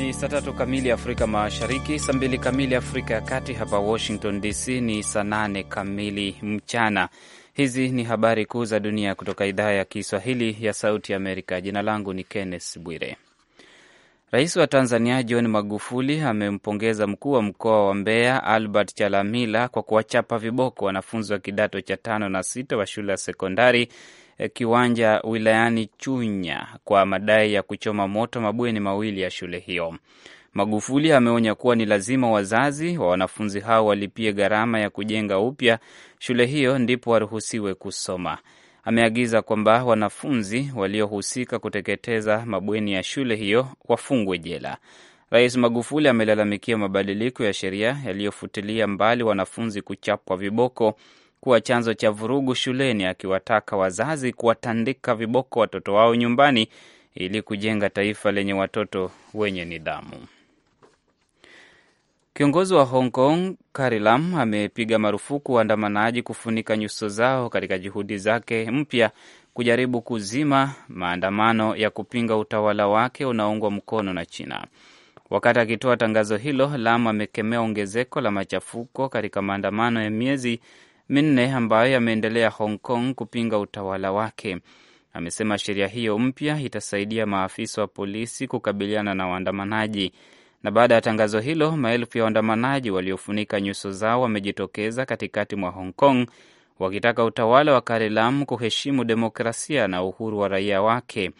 Ni saa tatu kamili Afrika Mashariki, saa mbili kamili Afrika ya Kati. Hapa Washington DC ni saa nane kamili mchana. Hizi ni habari kuu za dunia kutoka idhaa ya Kiswahili ya Sauti Amerika. Jina langu ni Kenneth Bwire. Rais wa Tanzania John Magufuli amempongeza mkuu wa mkoa wa Mbeya Albert Chalamila kwa kuwachapa viboko wanafunzi wa kidato cha tano na sita wa shule ya sekondari Eh, kiwanja wilayani Chunya kwa madai ya kuchoma moto mabweni mawili ya shule hiyo. Magufuli ameonya kuwa ni lazima wazazi wa wanafunzi hao walipie gharama ya kujenga upya shule hiyo ndipo waruhusiwe kusoma. Ameagiza kwamba wanafunzi waliohusika kuteketeza mabweni ya shule hiyo wafungwe jela. Rais Magufuli amelalamikia mabadiliko ya sheria yaliyofutilia mbali wanafunzi kuchapwa viboko kuwa chanzo cha vurugu shuleni, akiwataka wazazi kuwatandika viboko watoto wao nyumbani ili kujenga taifa lenye watoto wenye nidhamu. Kiongozi wa Hong Kong Carrie Lam amepiga marufuku waandamanaji kufunika nyuso zao katika juhudi zake mpya kujaribu kuzima maandamano ya kupinga utawala wake unaoungwa mkono na China. Wakati akitoa tangazo hilo, Lam amekemea ongezeko la machafuko katika maandamano ya miezi minne ambayo yameendelea Hong Kong kupinga utawala wake. Amesema sheria hiyo mpya itasaidia maafisa wa polisi kukabiliana na waandamanaji. Na baada ya tangazo hilo, maelfu ya waandamanaji waliofunika nyuso zao wamejitokeza katikati mwa Hong Kong wakitaka utawala wa Carrie Lam kuheshimu demokrasia na uhuru wa raia wake.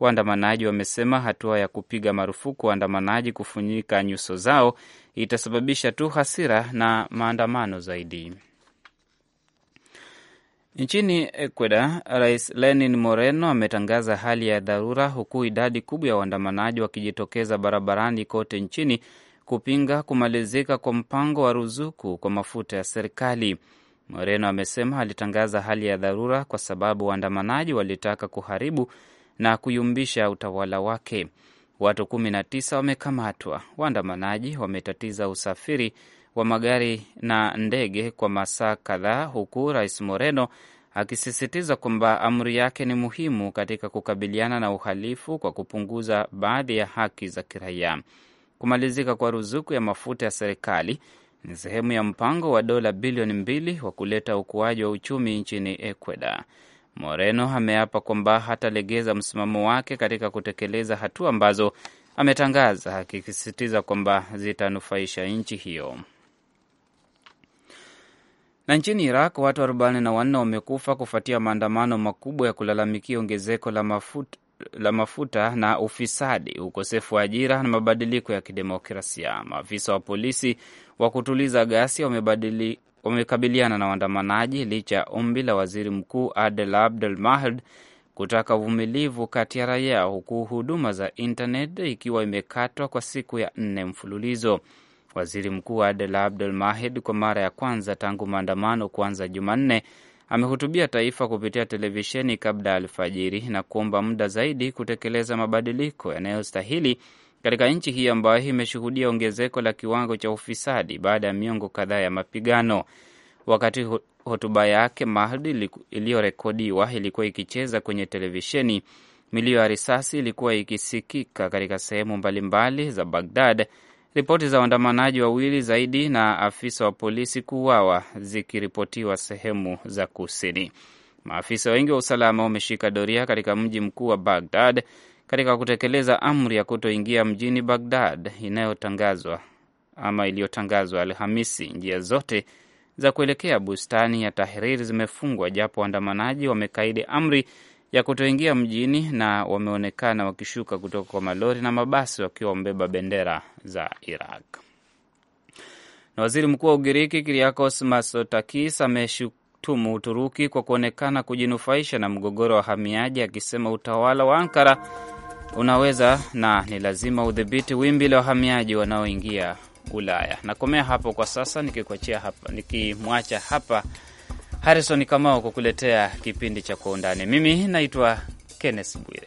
Waandamanaji wamesema hatua ya kupiga marufuku waandamanaji kufunika nyuso zao itasababisha tu hasira na maandamano zaidi. Nchini Ecuador, Rais Lenin Moreno ametangaza hali ya dharura, huku idadi kubwa ya waandamanaji wakijitokeza barabarani kote nchini kupinga kumalizika kwa mpango wa ruzuku kwa mafuta ya serikali. Moreno amesema alitangaza hali ya dharura kwa sababu waandamanaji walitaka kuharibu na kuyumbisha utawala wake. Watu 19 wamekamatwa. Waandamanaji wametatiza usafiri wa magari na ndege kwa masaa kadhaa, huku Rais Moreno akisisitiza kwamba amri yake ni muhimu katika kukabiliana na uhalifu kwa kupunguza baadhi ya haki za kiraia. Kumalizika kwa ruzuku ya mafuta ya serikali ni sehemu ya mpango wa dola bilioni mbili wa kuleta ukuaji wa uchumi nchini Ecuador. Moreno ameapa kwamba hatalegeza msimamo wake katika kutekeleza hatua ambazo ametangaza, akisisitiza kwamba zitanufaisha nchi hiyo. Na nchini Iraq watu 44 wamekufa kufuatia maandamano makubwa ya kulalamikia ongezeko la mafuta la mafuta na ufisadi, ukosefu wa ajira na mabadiliko ya kidemokrasia. Maafisa wa polisi wa kutuliza ghasia wamekabiliana na waandamanaji licha ya ombi la waziri mkuu Adel Abdul mahd kutaka uvumilivu kati ya raia, huku huduma za intanet ikiwa imekatwa kwa siku ya nne mfululizo. Waziri Mkuu Adel Abdul Mahid, kwa mara ya kwanza tangu maandamano kuanza Jumanne, amehutubia taifa kupitia televisheni kabla ya alfajiri na kuomba muda zaidi kutekeleza mabadiliko yanayostahili katika nchi hii ambayo imeshuhudia ongezeko la kiwango cha ufisadi baada ya miongo kadhaa ya mapigano. Wakati hotuba yake Mahdi iliyorekodiwa ilikuwa ikicheza kwenye televisheni, milio ya risasi ilikuwa ikisikika katika sehemu mbalimbali za Bagdad Ripoti za waandamanaji wawili zaidi na afisa wa polisi kuuawa zikiripotiwa sehemu za kusini. Maafisa wengi wa usalama wameshika doria katika mji mkuu wa Bagdad katika kutekeleza amri ya kutoingia mjini Bagdad inayotangazwa ama iliyotangazwa Alhamisi. Njia zote za kuelekea bustani ya Tahriri zimefungwa japo waandamanaji wamekaidi amri ya kutoingia mjini na wameonekana wakishuka kutoka kwa malori na mabasi wakiwa wamebeba bendera za Iraq. Na waziri mkuu wa Ugiriki kiriakos Mitsotakis ameshutumu Uturuki kwa kuonekana kujinufaisha na mgogoro wa wahamiaji, akisema utawala wa Ankara unaweza na ni lazima udhibiti wimbi la wahamiaji wanaoingia Ulaya. Nakomea hapo kwa sasa, nikimwacha hapa, niki hapa Harrison Kamau kukuletea kipindi cha Kwa Undani. Mimi naitwa Kenneth Bwire.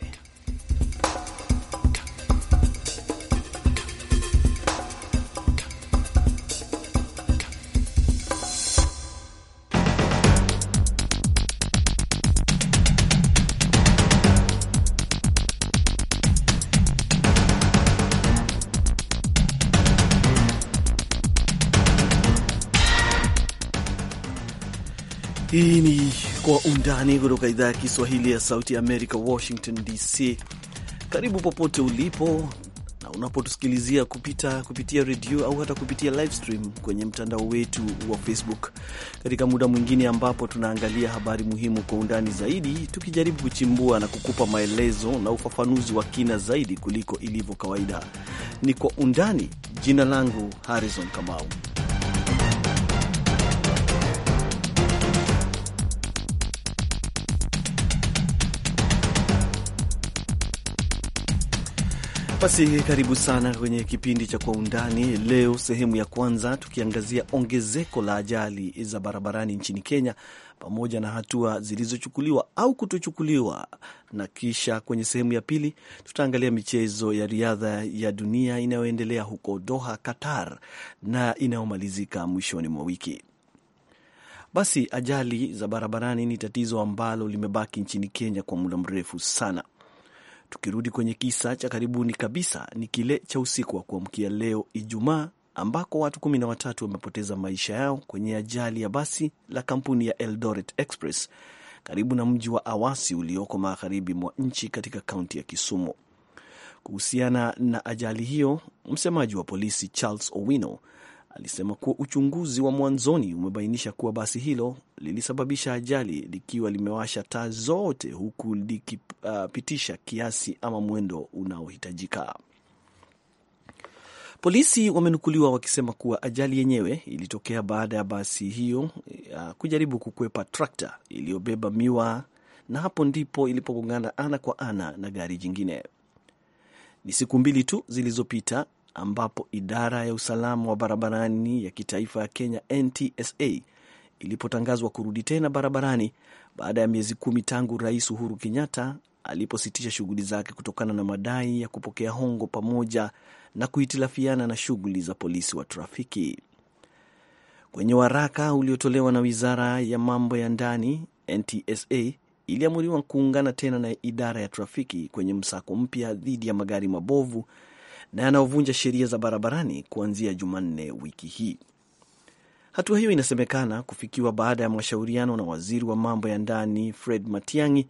Hii ni Kwa Undani kutoka idhaa ya Kiswahili ya Sauti ya Amerika, Washington DC. Karibu popote ulipo na unapotusikilizia kupita kupitia redio au hata kupitia live stream kwenye mtandao wetu wa Facebook, katika muda mwingine ambapo tunaangalia habari muhimu kwa undani zaidi, tukijaribu kuchimbua na kukupa maelezo na ufafanuzi wa kina zaidi kuliko ilivyo kawaida. Ni Kwa Undani. Jina langu Harrison Kamau. Basi karibu sana kwenye kipindi cha Kwa Undani. Leo sehemu ya kwanza, tukiangazia ongezeko la ajali za barabarani nchini Kenya pamoja na hatua zilizochukuliwa au kutochukuliwa, na kisha kwenye sehemu ya pili tutaangalia michezo ya riadha ya dunia inayoendelea huko Doha, Qatar, na inayomalizika mwishoni mwa wiki. Basi ajali za barabarani ni tatizo ambalo limebaki nchini Kenya kwa muda mrefu sana Tukirudi kwenye kisa cha karibuni kabisa, ni kile cha usiku wa kuamkia leo Ijumaa, ambako watu kumi na watatu wamepoteza maisha yao kwenye ajali ya basi la kampuni ya Eldoret Express karibu na mji wa Awasi ulioko magharibi mwa nchi katika kaunti ya Kisumu. Kuhusiana na ajali hiyo, msemaji wa polisi Charles Owino alisema kuwa uchunguzi wa mwanzoni umebainisha kuwa basi hilo lilisababisha ajali likiwa limewasha taa zote huku likipitisha uh, kiasi ama mwendo unaohitajika. Polisi wamenukuliwa wakisema kuwa ajali yenyewe ilitokea baada ya basi hiyo uh, kujaribu kukwepa trakta iliyobeba miwa na hapo ndipo ilipogongana ana kwa ana na gari jingine. Ni siku mbili tu zilizopita ambapo idara ya usalama wa barabarani ya kitaifa ya Kenya NTSA ilipotangazwa kurudi tena barabarani baada ya miezi kumi tangu Rais Uhuru Kenyatta alipositisha shughuli zake kutokana na madai ya kupokea hongo pamoja na kuhitilafiana na shughuli za polisi wa trafiki. Kwenye waraka uliotolewa na wizara ya mambo ya ndani, NTSA iliamuriwa kuungana tena na idara ya trafiki kwenye msako mpya dhidi ya magari mabovu na yanayovunja sheria za barabarani kuanzia Jumanne wiki hii. Hatua hiyo inasemekana kufikiwa baada ya mashauriano na waziri wa mambo ya ndani Fred Matiang'i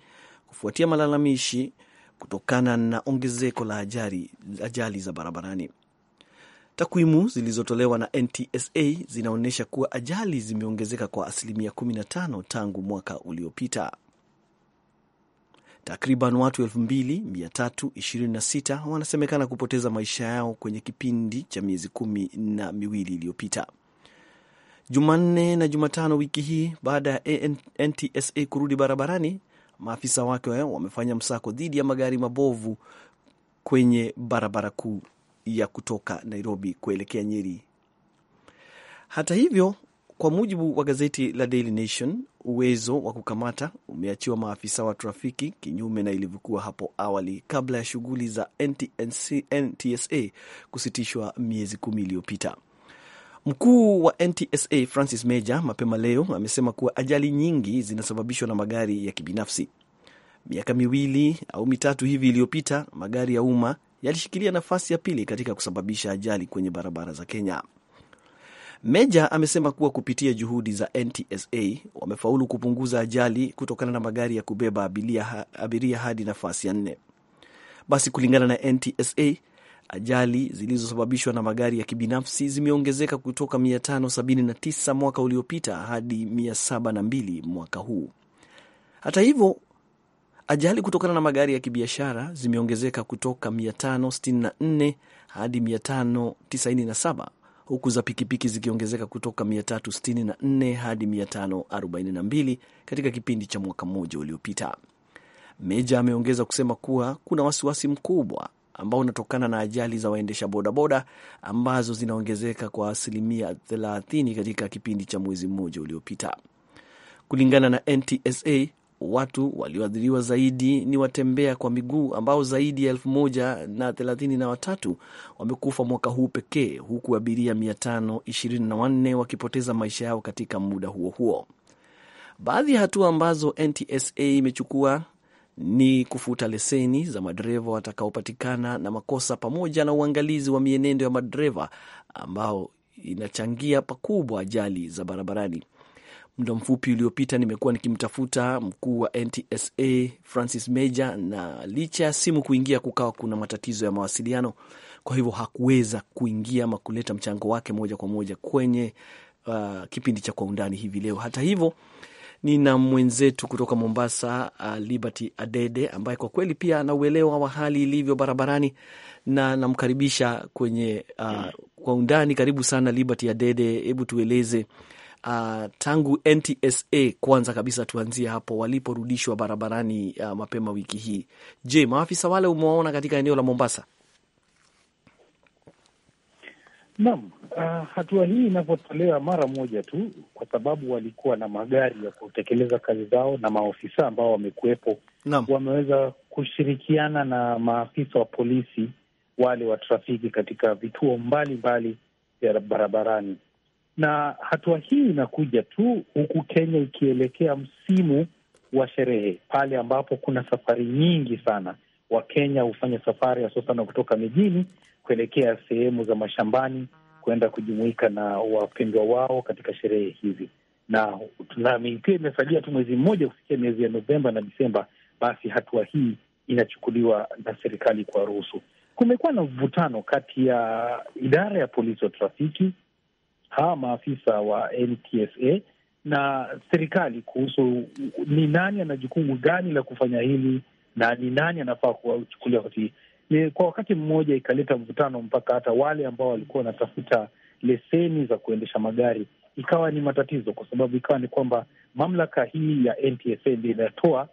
kufuatia malalamishi kutokana na ongezeko la ajali, ajali za barabarani. Takwimu zilizotolewa na NTSA zinaonyesha kuwa ajali zimeongezeka kwa asilimia 15 tangu mwaka uliopita. Takriban watu 2326 wanasemekana kupoteza maisha yao kwenye kipindi cha miezi kumi na miwili iliyopita. Jumanne na Jumatano wiki hii, baada ya NTSA kurudi barabarani, maafisa wake wamefanya msako dhidi ya magari mabovu kwenye barabara kuu ya kutoka Nairobi kuelekea Nyeri. Hata hivyo, kwa mujibu wa gazeti la Daily Nation, uwezo wa kukamata umeachiwa maafisa wa trafiki, kinyume na ilivyokuwa hapo awali kabla ya shughuli za NTSA kusitishwa miezi kumi iliyopita. Mkuu wa NTSA Francis Meja mapema leo amesema kuwa ajali nyingi zinasababishwa na magari ya kibinafsi. Miaka miwili au mitatu hivi iliyopita, magari ya umma yalishikilia nafasi ya pili katika kusababisha ajali kwenye barabara za Kenya. Meja amesema kuwa kupitia juhudi za NTSA wamefaulu kupunguza ajali kutokana na magari ya kubeba abiria, abiria hadi nafasi ya nne. Basi kulingana na NTSA, ajali zilizosababishwa na magari ya kibinafsi zimeongezeka kutoka 579 mwaka uliopita hadi 702 mwaka huu. Hata hivyo, ajali kutokana na magari ya kibiashara zimeongezeka kutoka 564 hadi 597 huku za pikipiki zikiongezeka kutoka 364 hadi 542 katika kipindi cha mwaka mmoja uliopita. Meja ameongeza kusema kuwa kuna wasiwasi mkubwa ambao unatokana na ajali za waendesha bodaboda ambazo zinaongezeka kwa asilimia 30 katika kipindi cha mwezi mmoja uliopita. Kulingana na NTSA, watu walioathiriwa zaidi ni watembea kwa miguu ambao zaidi ya elfu moja na thelathini na watatu wamekufa mwaka huu pekee, huku abiria 524 wakipoteza maisha yao katika muda huo huo. Baadhi ya hatua ambazo NTSA imechukua ni kufuta leseni za madereva watakaopatikana na makosa pamoja na uangalizi wa mienendo ya madereva ambao inachangia pakubwa ajali za barabarani. Muda mfupi uliopita nimekuwa nikimtafuta mkuu wa NTSA Francis Major, na licha ya simu kuingia, kukawa kuna matatizo ya mawasiliano, kwa hivyo hakuweza kuingia ama kuleta mchango wake moja kwa moja kwenye uh, kipindi cha Kwa Undani hivi leo. Hata hivyo nina mwenzetu kutoka Mombasa uh, Liberty Adede ambaye kwa kweli pia ana uelewa wa hali ilivyo barabarani na namkaribisha kwenye uh, Kwa Undani. Karibu sana Liberty Adede, hebu tueleze uh, tangu NTSA kwanza kabisa tuanzie hapo waliporudishwa barabarani uh, mapema wiki hii. Je, maafisa wale umewaona katika eneo la Mombasa? Naam, uh, hatua hii inavyotolewa mara moja tu, kwa sababu walikuwa na magari ya kutekeleza kazi zao na maofisa ambao wamekuwepo wameweza kushirikiana na maafisa wa polisi wale wa trafiki katika vituo mbalimbali vya mbali barabarani na hatua hii inakuja tu huku Kenya ikielekea msimu wa sherehe, pale ambapo kuna safari nyingi sana. Wakenya hufanya safari hususana kutoka mijini kuelekea sehemu za mashambani kuenda kujumuika na wapendwa wao katika sherehe hizi, na pia imesalia tu mwezi mmoja kufikia miezi ya Novemba na Disemba, basi hatua hii inachukuliwa na serikali kwa ruhusu. Kumekuwa na mvutano kati ya idara ya polisi wa trafiki hawa maafisa wa NTSA na serikali kuhusu ni nani ana jukumu gani la kufanya hili na ni nani anafaa kuchukulia hatua. Ni kwa wakati mmoja ikaleta mvutano mpaka hata wale ambao walikuwa wanatafuta leseni za kuendesha magari ikawa ni matatizo, kwa sababu ikawa ni kwamba mamlaka hii ya NTSA ndio inatoa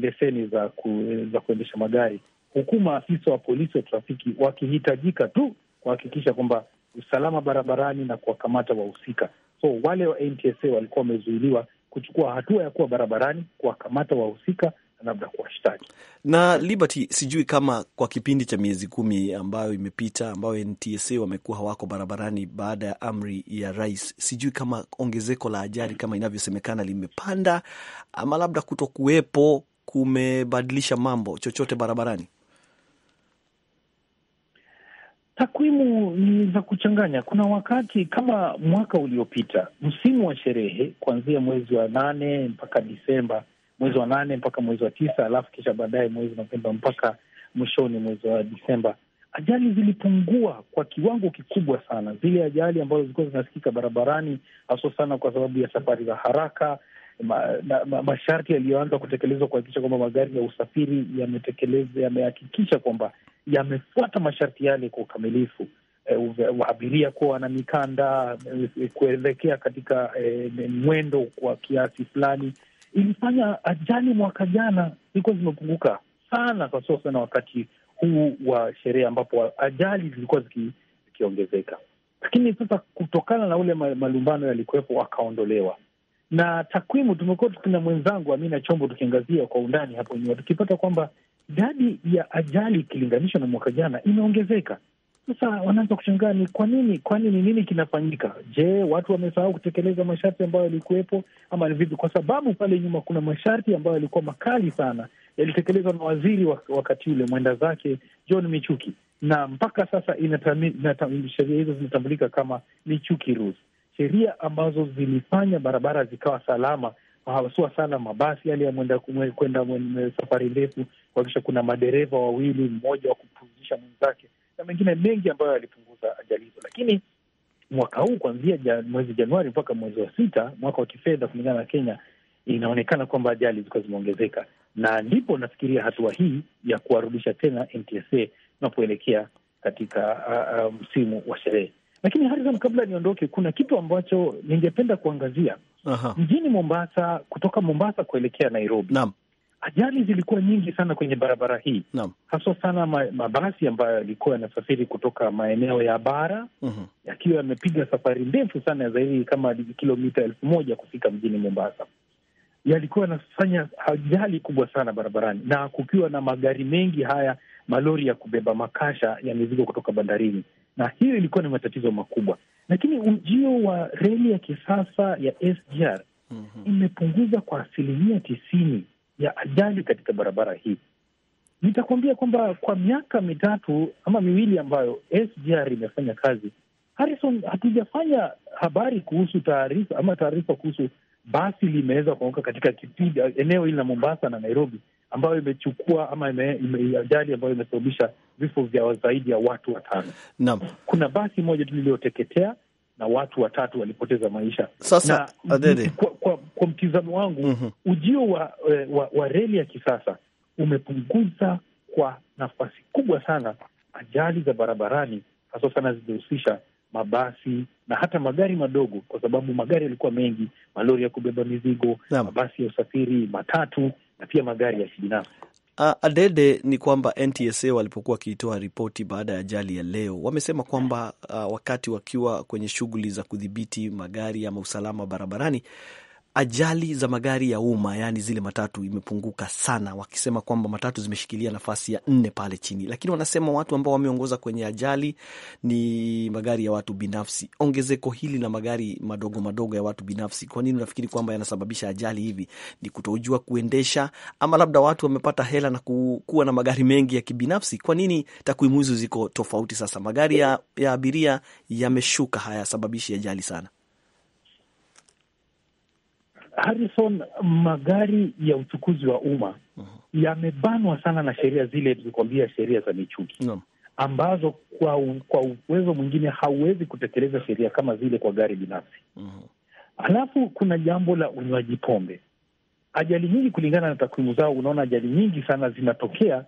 leseni za, ku, za kuendesha magari, huku maafisa wa polisi wa trafiki wakihitajika tu kuhakikisha kwamba usalama barabarani na kuwakamata wahusika. So wale wa NTSA walikuwa wamezuiliwa kuchukua hatua ya kuwa barabarani, kuwakamata wahusika labda kuwashtaki na Liberty. Sijui kama kwa kipindi cha miezi kumi ambayo imepita, ambayo NTSA wamekuwa hawako barabarani baada ya amri ya rais, sijui kama ongezeko la ajali kama inavyosemekana limepanda ama labda kuto kuwepo kumebadilisha mambo chochote barabarani. Takwimu ni za kuchanganya. Kuna wakati kama mwaka uliopita, msimu wa sherehe kuanzia mwezi wa nane mpaka Disemba, mwezi wa nane mpaka mwezi wa tisa, alafu kisha baadaye mwezi Novemba mpaka mwishoni mwezi wa Disemba, ajali zilipungua kwa kiwango kikubwa sana. Zile ajali ambazo zilikuwa zinasikika barabarani, haswa sana kwa sababu ya safari za haraka, masharti ma, yaliyoanza kutekelezwa kuhakikisha kwamba magari ya usafiri yametekeleza, yamehakikisha kwamba yamefuata masharti yale kwa ukamilifu e, abiria kuwa wana mikanda e, kuelekea katika e, mwendo kwa kiasi fulani. Ilifanya ajali mwaka jana zilikuwa zimepunguka sana, kwa sasa na wakati huu wa sherehe ambapo ajali zilikuwa zikiongezeka, lakini sasa kutokana na ule malumbano yalikuwepo, wakaondolewa na takwimu. Tumekuwa tukina mwenzangu Amina Chombo tukiangazia kwa undani hapo nyuma, tukipata kwamba idadi ya ajali ikilinganishwa na mwaka jana imeongezeka. Sasa wanaanza kushangaa ni kwa nini, kwani ni nini kinafanyika? Je, watu wamesahau kutekeleza masharti ambayo yalikuwepo ama ni vipi? Kwa sababu pale nyuma kuna masharti ambayo yalikuwa makali sana, yalitekelezwa na waziri wakati ule mwenda zake John Michuki, na mpaka sasa sheria hizo zinatambulika kama Michuki Rules, sheria ambazo zilifanya barabara zikawa salama haswa sana mabasi yale yamwenda kwenda safari ndefu, kuhakikisha kuna madereva wawili, mmoja wa kupumzisha mwenzake na mengine mengi ambayo yalipunguza ajali hizo. Lakini mwaka huu kuanzia jan, mwezi Januari mpaka mwezi wa sita mwaka wa kifedha kulingana na Kenya, inaonekana kwamba ajali zilikuwa zimeongezeka, na ndipo nafikiria hatua hii ya kuwarudisha tena NTSA tunapoelekea katika msimu um, wa sherehe. Lakini Harrison, kabla niondoke, kuna kitu ambacho ningependa kuangazia. Aha. Mjini Mombasa, kutoka Mombasa kuelekea Nairobi. Naam. Ajali zilikuwa nyingi sana kwenye barabara hii. Naam. Haswa sana ma, mabasi ambayo yalikuwa yanasafiri kutoka maeneo ya bara mhm. yakiwa yamepiga safari ndefu sana ya zaidi kama kilomita elfu moja kufika mjini Mombasa, yalikuwa yanafanya ajali kubwa sana barabarani, na kukiwa na magari mengi haya malori ya kubeba makasha ya mizigo kutoka bandarini na hiyo ilikuwa ni matatizo makubwa, lakini ujio wa reli ya kisasa ya SGR mm -hmm. imepunguza kwa asilimia tisini ya ajali katika barabara hii. Nitakuambia kwamba kwa miaka mitatu ama miwili ambayo SGR imefanya kazi, Harrison, hatujafanya habari kuhusu taarifa ama taarifa kuhusu basi limeweza kuanguka katika kipindi eneo hili la Mombasa na Nairobi, ambayo imechukua ama ime, ime, ajali ambayo imesababisha vifo vya zaidi ya watu watano. Naam, kuna basi moja tu liliyoteketea na watu watatu walipoteza maisha. Sasa na, kwa, kwa, kwa mtizamo wangu mm -hmm. ujio wa, eh, wa, wa reli ya kisasa umepunguza kwa nafasi kubwa sana ajali za barabarani, haswa sana zilihusisha mabasi na hata magari madogo, kwa sababu magari yalikuwa mengi, malori ya kubeba mizigo, mabasi ya usafiri, matatu na pia magari ya kibinafsi. Adede, ni kwamba NTSA walipokuwa wakiitoa ripoti baada ya ajali ya leo, wamesema kwamba uh, wakati wakiwa kwenye shughuli za kudhibiti magari ama usalama barabarani ajali za magari ya umma yaani zile matatu imepunguka sana, wakisema kwamba matatu zimeshikilia nafasi ya nne pale chini, lakini wanasema watu ambao wameongoza kwenye ajali ni magari ya watu binafsi. Ongezeko hili la magari madogo madogo ya watu binafsi, kwa nini unafikiri kwamba yanasababisha ajali hivi? Ni kutojua kuendesha, ama labda watu wamepata hela na kuwa na magari mengi ya kibinafsi? Kwa nini takwimu hizo ziko tofauti? Sasa magari ya, ya abiria yameshuka, hayasababishi ajali sana. Harrison, magari ya uchukuzi wa umma uh-huh. yamebanwa sana na sheria zile tulikwambia, sheria za michuki no. ambazo kwa, kwa uwezo mwingine hauwezi kutekeleza sheria kama zile kwa gari binafsi uh -huh. Alafu kuna jambo la unywaji pombe. Ajali nyingi kulingana na takwimu zao, unaona ajali nyingi sana zinatokea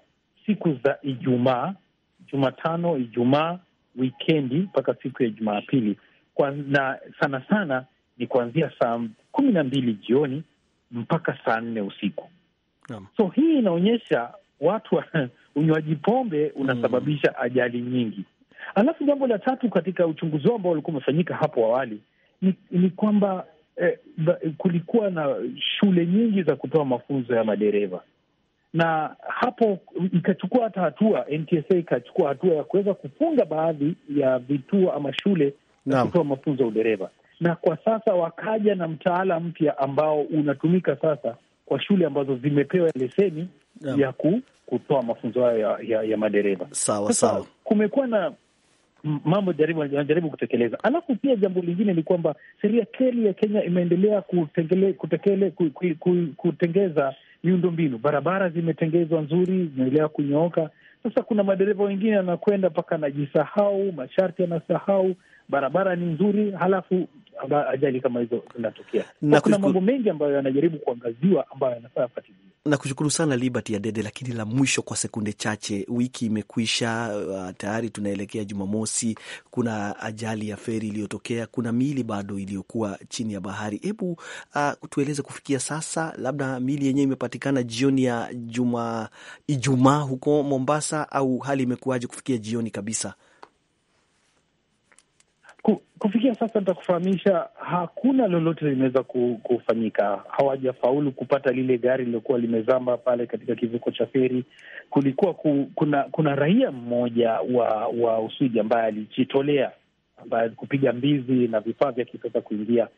siku za Ijumaa, Jumatano, Ijumaa, wikendi mpaka siku ya Jumapili, na sana sana ni kuanzia saa kumi na mbili jioni mpaka saa nne usiku yeah. So hii inaonyesha watu unywaji pombe unasababisha mm. ajali nyingi. Alafu jambo la tatu katika uchunguzi wao ambao ulikuwa umefanyika hapo awali ni, ni kwamba eh, kulikuwa na shule nyingi za kutoa mafunzo ya madereva na hapo ikachukua hata hatua, NTSA ikachukua hatua ya kuweza kufunga baadhi ya vituo ama shule za kutoa mafunzo ya udereva na kwa sasa wakaja na mtaala mpya ambao unatumika sasa kwa shule ambazo zimepewa leseni yeah, ya ku, kutoa mafunzo hayo ya, ya, ya madereva. Sawa sawa, kumekuwa na mambo anajaribu kutekeleza. Alafu pia jambo lingine ni kwamba serikali ya Kenya imeendelea kutengeza miundo mbinu, barabara zimetengezwa nzuri, zimeendelea kunyooka. Sasa kuna madereva wengine anakwenda mpaka anajisahau, masharti anasahau, barabara ni nzuri, halafu ajali kama hizo zinatokea. Kuna mambo mengi ambayo yanajaribu kuangaziwa ambayo yanafaa yafuatiliwe. Nakushukuru sana Liberty ya Dede. Lakini la mwisho kwa sekunde chache, wiki imekwisha, uh, tayari tunaelekea Jumamosi. Kuna ajali ya feri iliyotokea, kuna miili bado iliyokuwa chini ya bahari. Hebu uh, tueleze kufikia sasa, labda miili yenyewe imepatikana jioni ya juma Ijumaa huko Mombasa, au hali imekuwaje kufikia jioni kabisa? Kufikia sasa nitakufahamisha, hakuna lolote linaweza kufanyika. Hawajafaulu kupata lile gari lilokuwa limezama pale katika kivuko cha feri. Kulikuwa ku, kuna kuna raia mmoja wa wa Uswidi ambaye alijitolea, ambaye kupiga mbizi na vifaa vya kisasa kuingia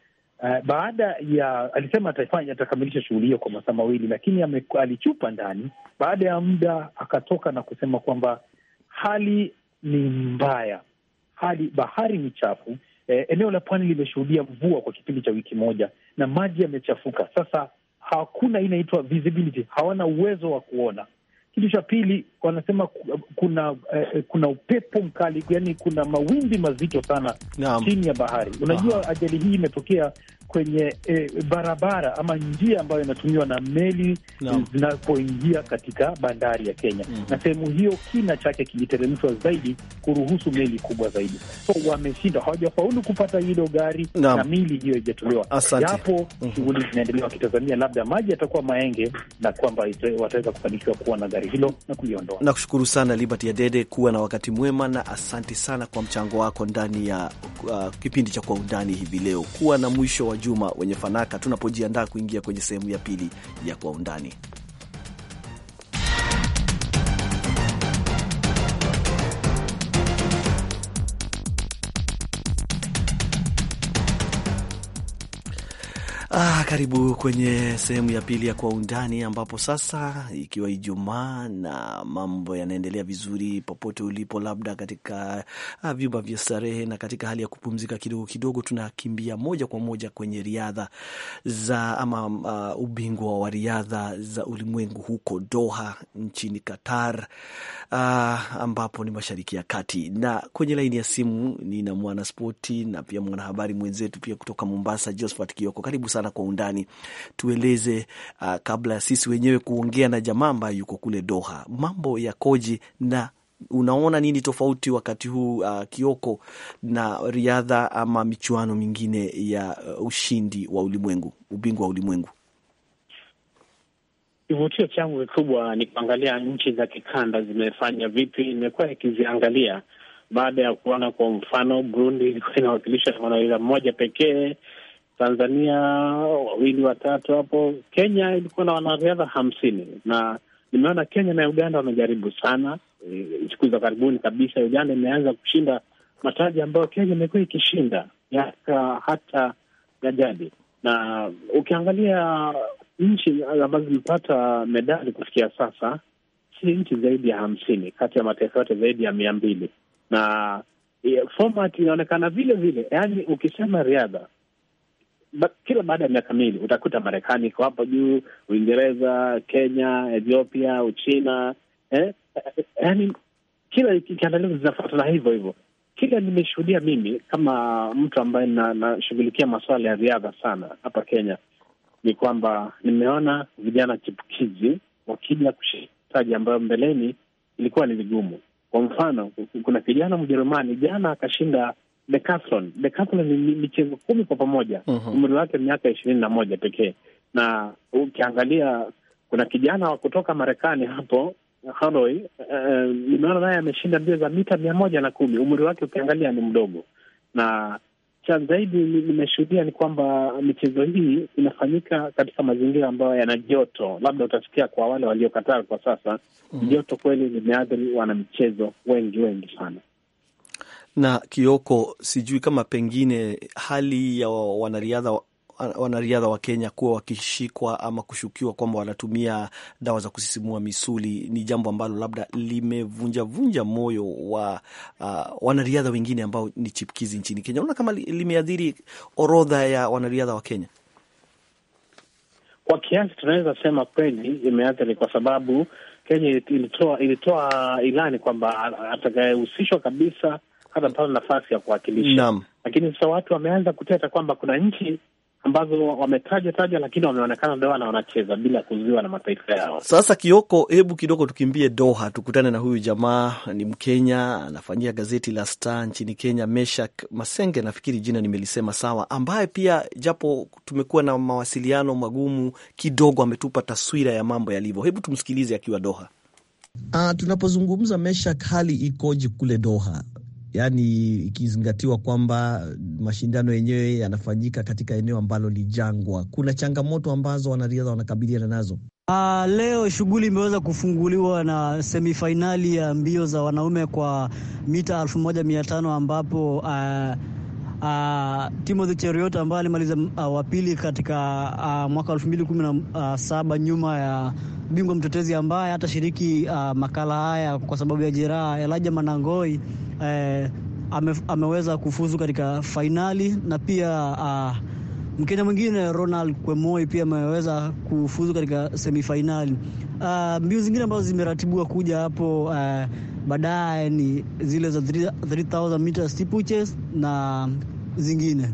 Uh, baada ya alisema atafanya atakamilisha shughuli hiyo kwa masaa mawili, lakini ame, alichupa ndani. Baada ya muda akatoka na kusema kwamba hali ni mbaya, hadi bahari ni chafu. E, eneo la pwani limeshuhudia mvua kwa kipindi cha wiki moja na maji yamechafuka. Sasa hakuna inaitwa visibility, hawana uwezo wa kuona. Kitu cha pili wanasema kuna eh, eh, kuna upepo mkali, yani kuna mawimbi mazito sana chini ya bahari. Unajua, ajali hii imetokea kwenye e, barabara ama njia ambayo inatumiwa na meli no. zinapoingia katika bandari ya Kenya mm -hmm. na sehemu hiyo kina chake kiliteremshwa zaidi kuruhusu meli kubwa zaidi, so wameshinda, hawajafaulu kupata hilo gari no. na mili hiyo ijatolewa japo mhm. shughuli mm -hmm. zinaendelea, wakitazamia labda maji yatakuwa maenge na kwamba wataweza kufanikiwa kuwa na gari hilo na kuliondoa. Nakushukuru sana Liberty Adede, kuwa na wakati mwema na asante sana kwa mchango wako ndani ya uh, kipindi cha Kwa Undani hivi leo. Kuwa na mwisho wa Juma wenye fanaka tunapojiandaa kuingia kwenye sehemu ya pili ya Kwa Undani. Ah, karibu kwenye sehemu ya pili ya Kwa Undani, ambapo sasa ikiwa Ijumaa na mambo yanaendelea vizuri popote ulipo, labda katika ah, vyumba vya starehe na katika hali ya kupumzika kidogo kidogo, tunakimbia moja kwa moja kwenye riadha za ama, uh, ubingwa wa riadha za ulimwengu huko Doha nchini Qatar, ah, ambapo ni Mashariki ya Kati, na kwenye laini ya simu nina mwanaspoti na pia mwanahabari mwenzetu pia kutoka Mombasa, Josephat Kioko. Karibu sana sana kwa undani. Tueleze uh, kabla ya sisi wenyewe kuongea na jamaa ambaye yuko kule Doha, mambo ya koji na unaona nini tofauti wakati huu uh, Kioko, na riadha ama michuano mingine ya uh, ushindi wa ulimwengu, ubingwa wa ulimwengu? Kivutio changu kikubwa ni kuangalia nchi za kikanda zimefanya vipi, imekuwa ikiziangalia baada ya kuona, kwa mfano Burundi ilikuwa inawakilishwa na mwanariadha mmoja pekee Tanzania wawili watatu hapo. Kenya ilikuwa na wanariadha hamsini na nimeona Kenya na Uganda wamejaribu sana. E, siku za karibuni kabisa Uganda imeanza kushinda mataji ambayo Kenya imekuwa ikishinda miaka hata ya jadi, na ukiangalia nchi ambazo zimepata medali kufikia sasa si nchi zaidi ya hamsini kati ya mataifa yote zaidi ya mia mbili na e, format inaonekana vile vile, yaani ukisema riadha kila baada ya miaka mili utakuta Marekani iko hapo juu, Uingereza, Kenya, Ethiopia, Uchina, eh? eh yani kila ikiandaliwa zinafuatana hivyo hivyo. Kila nimeshuhudia mimi kama mtu ambaye nashughulikia na masuala ya riadha sana hapa Kenya ni kwamba nimeona vijana chipukizi wakija kushitaji ambayo mbeleni ilikuwa ni vigumu. Kwa mfano, kuna kijana Mjerumani jana akashinda Decathlon. Decathlon ni michezo kumi kwa pamoja, mhm. umri wake miaka ishirini na moja pekee, na ukiangalia kuna kijana wa kutoka Marekani hapo Hanoi, nimeona uh, naye ameshinda mbio za mita mia moja na kumi, umri wake ukiangalia ni mdogo, na cha zaidi nimeshuhudia ni kwamba michezo hii inafanyika katika mazingira ambayo yana joto. Labda utasikia kwa wale waliokataa kwa sasa, mhm. joto kweli limeathiri wanamichezo wengi wengi sana na Kioko, sijui kama pengine hali ya wanariadha wanariadha wa Kenya kuwa wakishikwa ama kushukiwa kwamba wanatumia dawa za kusisimua misuli ni jambo ambalo labda limevunjavunja moyo wa uh, wanariadha wengine ambao ni chipkizi nchini Kenya. Unaona kama limeathiri orodha ya wanariadha wa Kenya kwa kiasi? Tunaweza sema kweli imeathiri, kwa sababu Kenya ilitoa ilitoa ilani kwamba atakayehusishwa kabisa hata nafasi ya kuwakilisha. Lakini sasa watu wameanza kuteta kwamba kuna nchi ambazo wametaja taja lakini wameonekana Doha na wanacheza bila kuzuiwa na mataifa yao. Sasa Kioko, hebu kidogo tukimbie Doha, tukutane na huyu jamaa, ni Mkenya, anafanyia gazeti la Star nchini Kenya, Meshak Masenge, nafikiri jina nimelisema sawa, ambaye pia japo tumekuwa na mawasiliano magumu kidogo, ametupa taswira ya mambo yalivyo. Hebu tumsikilize akiwa Doha. Uh, tunapozungumza Meshak, hali ikoje kule Doha? yaani ikizingatiwa kwamba mashindano yenyewe yanafanyika katika eneo ambalo ni jangwa. Kuna changamoto ambazo wanariadha wanakabiliana nazo. Uh, leo shughuli imeweza kufunguliwa na semifainali ya mbio za wanaume kwa mita 1500 ambapo uh, uh, Timothy Cheruiyot ambaye alimaliza uh, wa pili katika uh, mwaka 2017 uh, nyuma ya bingwa mtetezi ambaye shiriki uh, makala haya kwa sababu ya jeraha. Elijah Manangoi uh, eh, ame, ameweza kufuzu katika fainali na pia uh, Mkenya mwingine Ronald Kwemoi pia ameweza kufuzu katika semifainali. Uh, ah, mbio zingine ambazo zimeratibiwa kuja hapo uh, baadaye ni zile za 3000 meters steeplechase na zingine.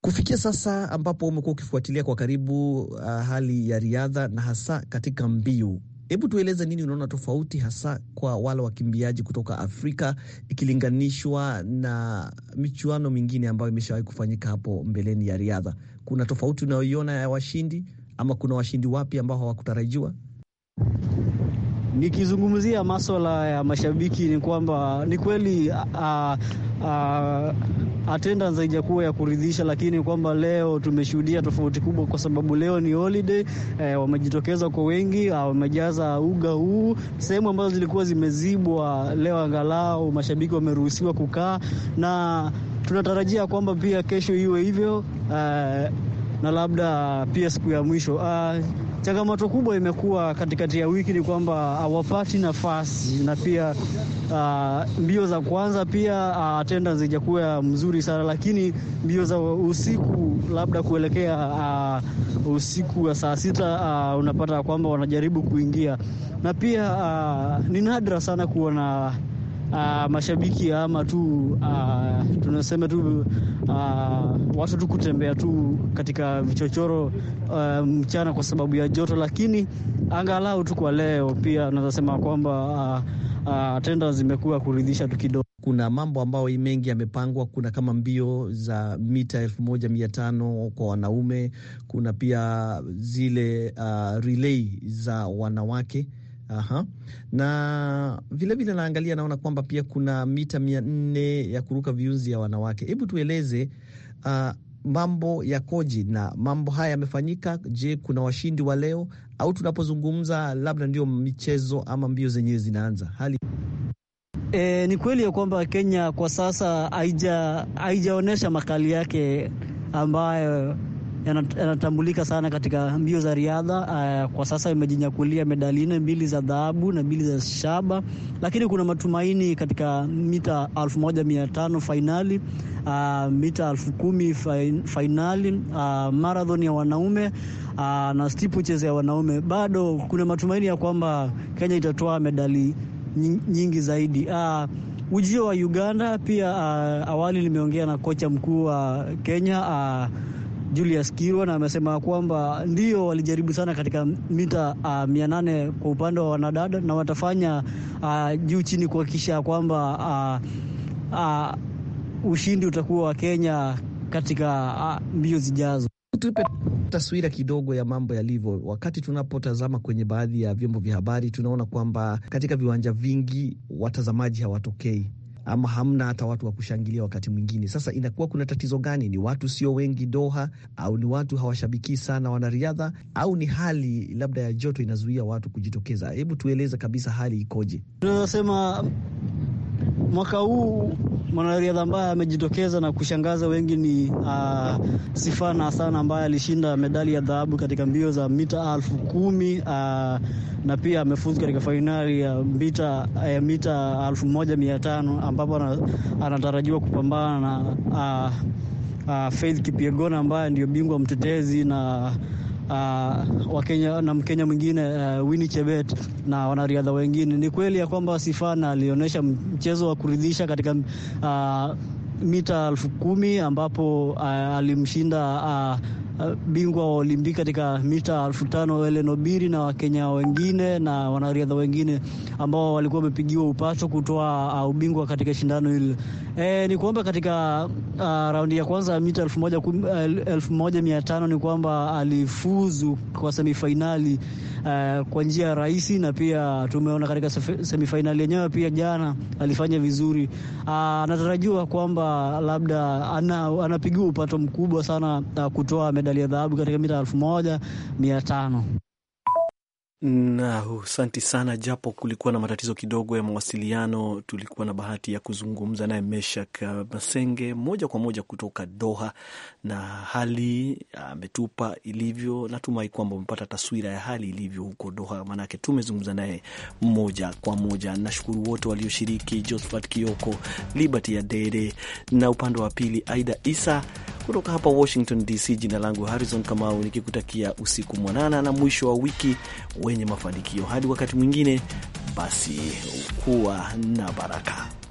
Kufikia sasa ambapo umekuwa ukifuatilia kwa karibu uh, hali ya riadha na hasa katika mbio Hebu tueleze nini unaona tofauti hasa kwa wale wakimbiaji kutoka Afrika ikilinganishwa na michuano mingine ambayo imeshawahi kufanyika hapo mbeleni ya riadha? Kuna tofauti unayoiona ya washindi ama kuna washindi wapi ambao hawakutarajiwa? Nikizungumzia maswala ya mashabiki ni kwamba ni kweli uh, uh, attendance kuwa ya kuridhisha, lakini kwamba leo tumeshuhudia tofauti kubwa, kwa sababu leo ni holiday e, wamejitokeza kwa wengi, ah, wamejaza uga huu, sehemu ambazo zilikuwa zimezibwa, leo angalau mashabiki wameruhusiwa kukaa, na tunatarajia kwamba pia kesho iwe hivyo e, na labda pia siku ya mwisho ah, Changamoto kubwa imekuwa katikati ya wiki ni kwamba hawapati nafasi na pia uh, mbio za kwanza pia uh, ah, attendance ijakuwa mzuri sana, lakini mbio za usiku labda kuelekea uh, usiku wa saa sita uh, unapata kwamba wanajaribu kuingia na pia uh, ni nadra sana kuona uh, mashabiki ama tu uh, ah, tunasema tu uh, watu tu kutembea tu katika vichochoro uh, mchana kwa sababu ya joto, lakini angalau tu kwa leo pia naweza sema kwamba uh, uh, tenda zimekuwa kuridhisha tu kidogo. Kuna mambo ambayo mengi yamepangwa. Kuna kama mbio za mita elfu moja mia tano kwa wanaume, kuna pia zile uh, relay za wanawake Aha. Na vilevile naangalia naona kwamba pia kuna mita mia nne ya kuruka viunzi ya wanawake. Hebu tueleze uh, mambo koji na mambo haya yamefanyika? Je, kuna washindi wa leo au tunapozungumza labda ndio michezo ama mbio zenyewe zinaanza hali E, ni kweli ya kwamba Kenya kwa sasa haijaonyesha makali yake ambayo yanatambulika sana katika mbio za riadha uh, kwa sasa imejinyakulia medali nne, mbili za dhahabu na mbili za shaba, lakini kuna matumaini katika mita 1500 fainali, uh, mita 10000 fainali, uh, ah, marathon ya wanaume uh, na steeplechase ya wanaume. Bado kuna matumaini ya kwamba Kenya itatoa medali nyingi zaidi. Uh, ujio wa Uganda pia, uh, awali nimeongea na kocha mkuu wa Kenya uh, Julius Kirwa, na amesema kwamba ndio walijaribu sana katika mita uh, mia nane kwa upande wa wanadada na watafanya uh, juu chini kuhakikisha kwamba uh, uh, ushindi utakuwa wa Kenya katika uh, mbio zijazo. Tupe taswira kidogo ya mambo yalivyo. Wakati tunapotazama kwenye baadhi ya vyombo vya habari, tunaona kwamba katika viwanja vingi watazamaji hawatokei ama hamna hata watu wa kushangilia wakati mwingine. Sasa inakuwa kuna tatizo gani? Ni watu sio wengi Doha, au ni watu hawashabikii sana wanariadha, au ni hali labda ya joto inazuia watu kujitokeza? Hebu tueleze kabisa hali ikoje? Tunasema mwaka huu mwanariadha ambaye amejitokeza na kushangaza wengi ni uh, ah, Sifan Hassan ambaye alishinda medali ya dhahabu katika mbio za mita elfu kumi uh, na pia amefuzu katika fainali ya mita ya eh, mita elfu moja mia tano ambapo anatarajiwa kupambana na uh, uh, Faith Kipyegon ambaye ndio bingwa mtetezi na uh, Kenya na Mkenya mwingine uh, Winnie Chebet na wanariadha wengine. Ni kweli ya kwamba Sifana alionyesha mchezo wa kuridhisha katika uh, mita elfu kumi ambapo uh, alimshinda uh, Uh, bingwa wa Olimpiki katika mita elfu tano Ellen Obiri na Wakenya wengine na wanariadha wengine ambao walikuwa wamepigiwa upato kutoa uh, ubingwa katika shindano hili. E, ni kwamba katika uh, raundi ya kwanza ya mita elfu moja, kum, elfu moja mia tano ni kwamba alifuzu kwa semifainali uh, kwa njia rahisi, na pia tumeona katika semifainali yenyewe pia jana alifanya vizuri. Uh, anatarajiwa uh, kwamba labda ana, anapigiwa upato mkubwa sana uh, kutoa ndani ya dhahabu katika mita elfu moja mia tano. Na asanti sana, japo kulikuwa na matatizo kidogo ya mawasiliano, tulikuwa na bahati ya kuzungumza naye Meshak Masenge moja kwa moja kutoka Doha, na hali ametupa ilivyo. Natumai kwamba umepata taswira ya hali ilivyo huko Doha, maanake tumezungumza naye moja kwa moja. Nashukuru wote walioshiriki, Josephat Kioko, Liberty ya Dede na upande wa pili Aida Isa. Kutoka hapa Washington DC, jina langu Harrison Kamau, nikikutakia usiku mwanana na mwisho wa wiki we yenye mafanikio. Hadi wakati mwingine, basi kuwa na baraka.